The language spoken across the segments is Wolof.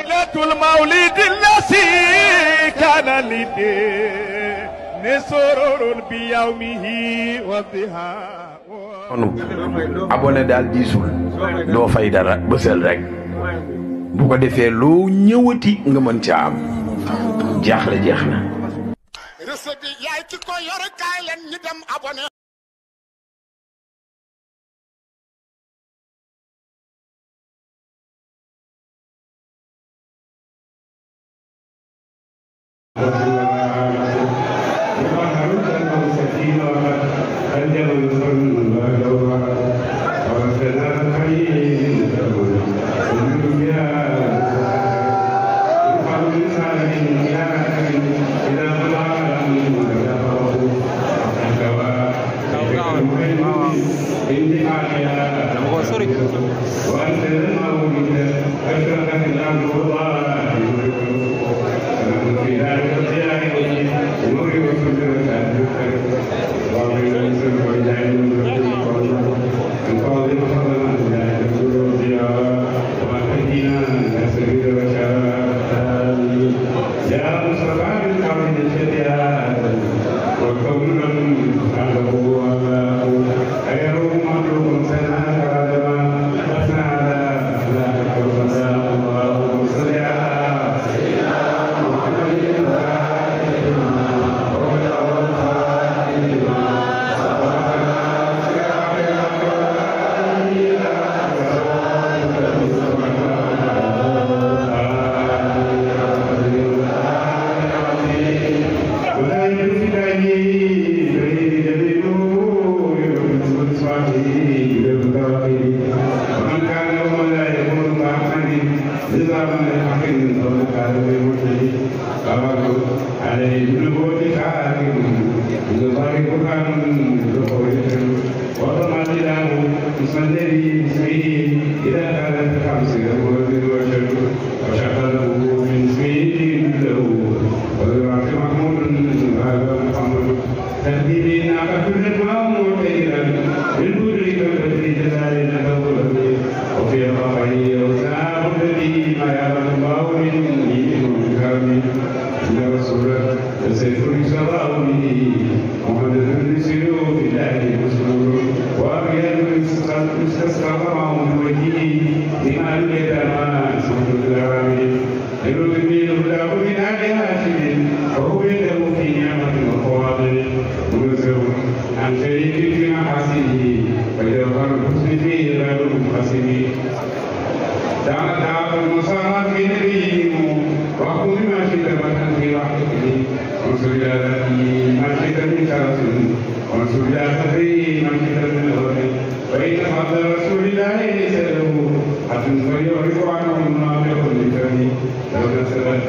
ليلة المولد الذي كان لدي سرور بيومه والضحى kon abonné daal diisul doo fay dara bësal rek bu ko defee loo ñëwati nga mën ca am jaaxle jeex محمد నిజామని అక్కడి తొలి కార్యక్రమం కాబట్టి ఆయన ఇంట్లో పోటీ కాదు ఇంకో Thank you. ويطعنه منافق لفمه لو نسبت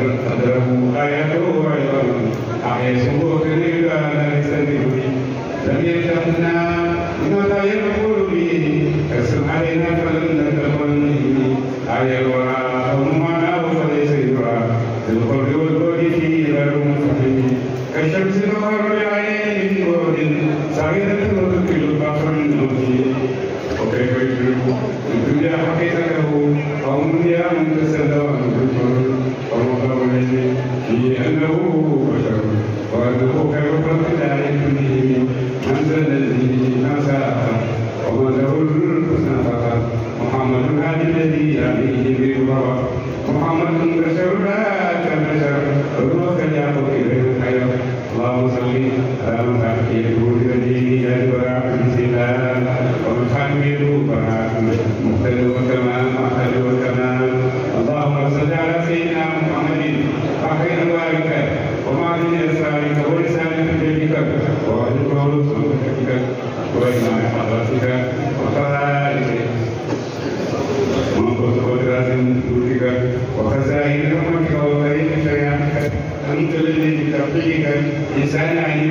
قدره ايته عظيم احيا سوء كثير انا لسنه لم يكن انسان يعني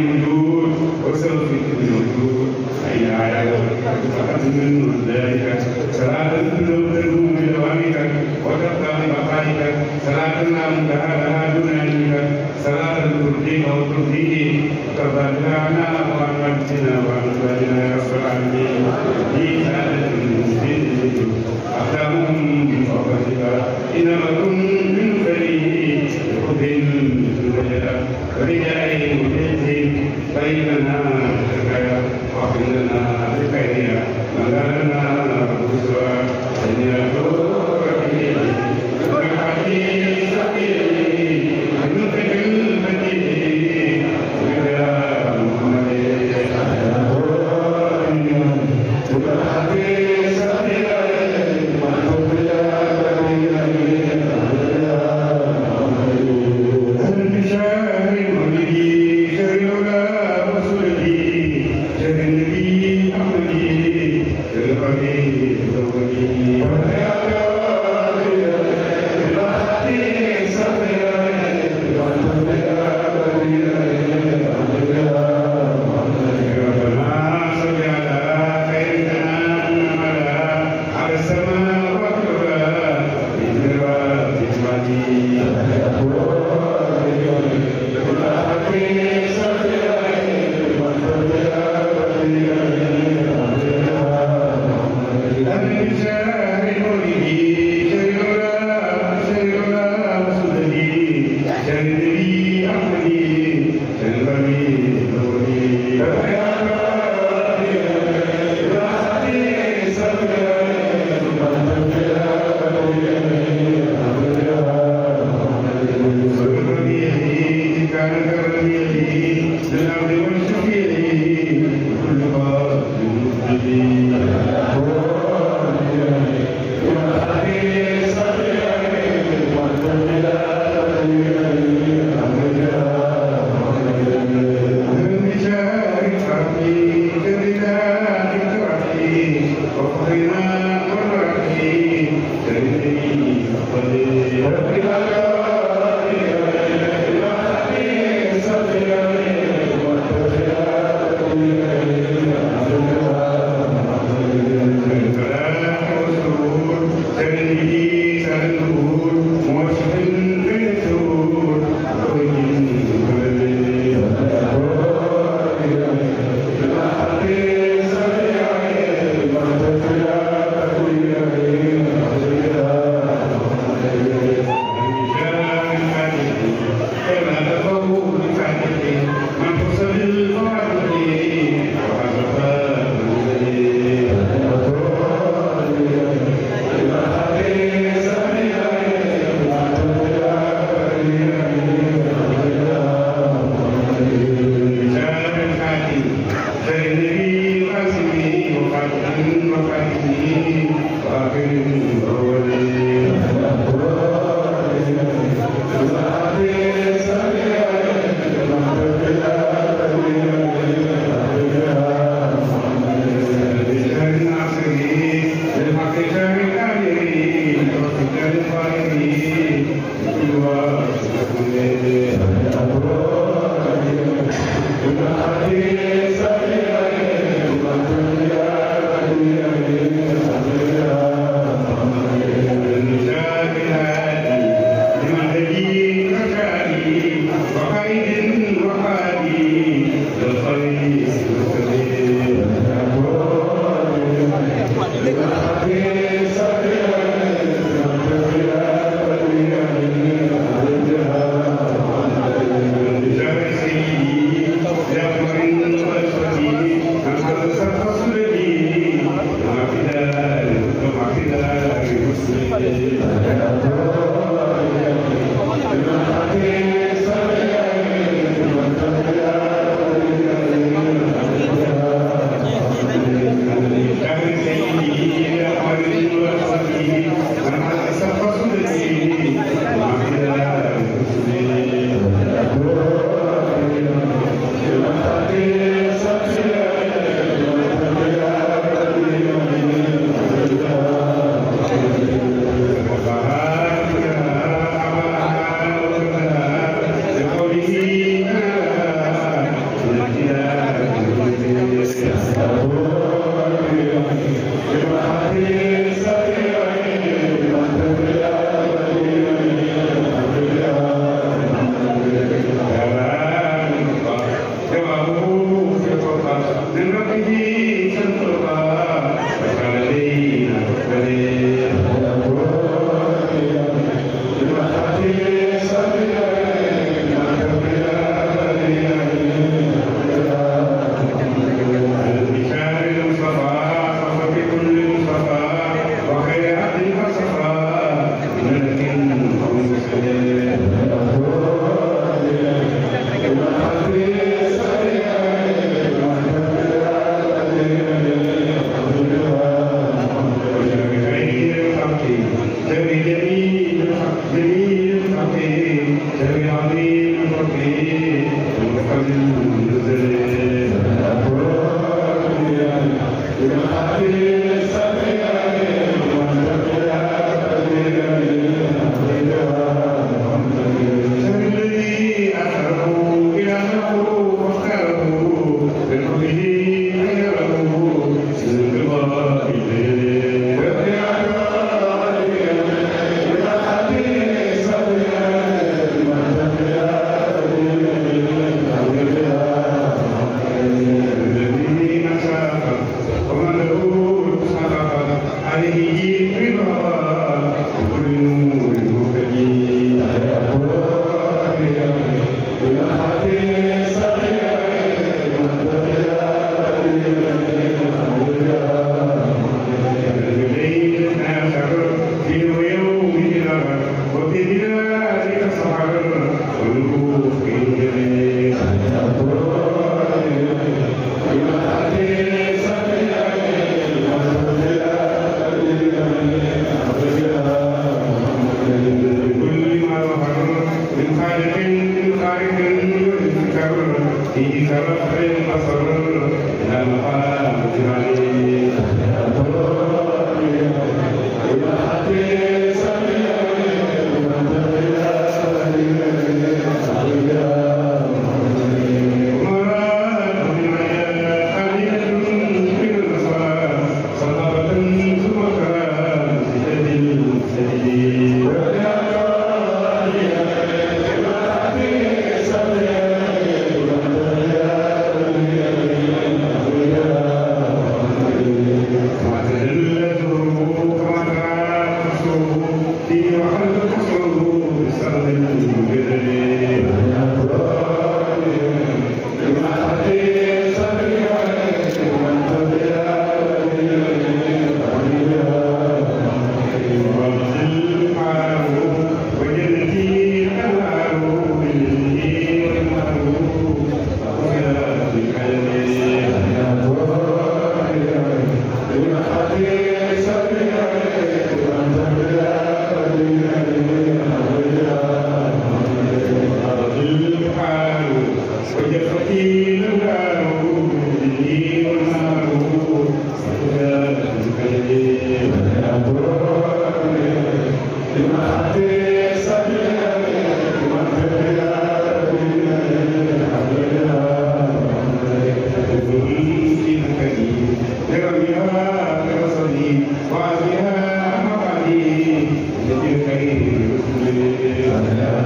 Gracias.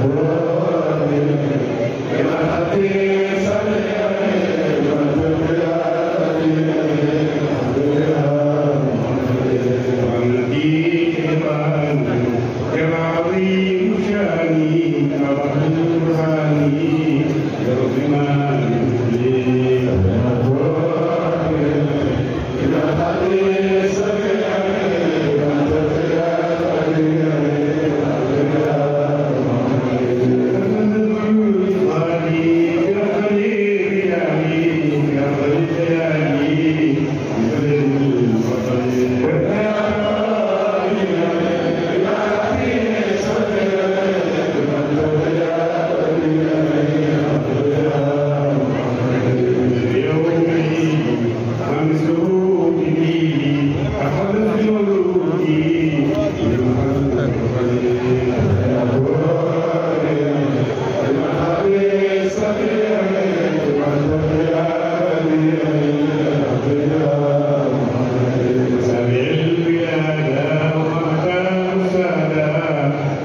Lord.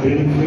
Thank you.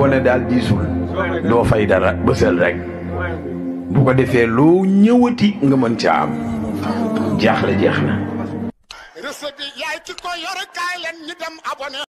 abonné daal diisul doo fay dara bësal rek bu ko defee loo ñëwati nga mën ca am jaaxle jeex na. yaay ki ko yor kaay leen ñu dem abonné.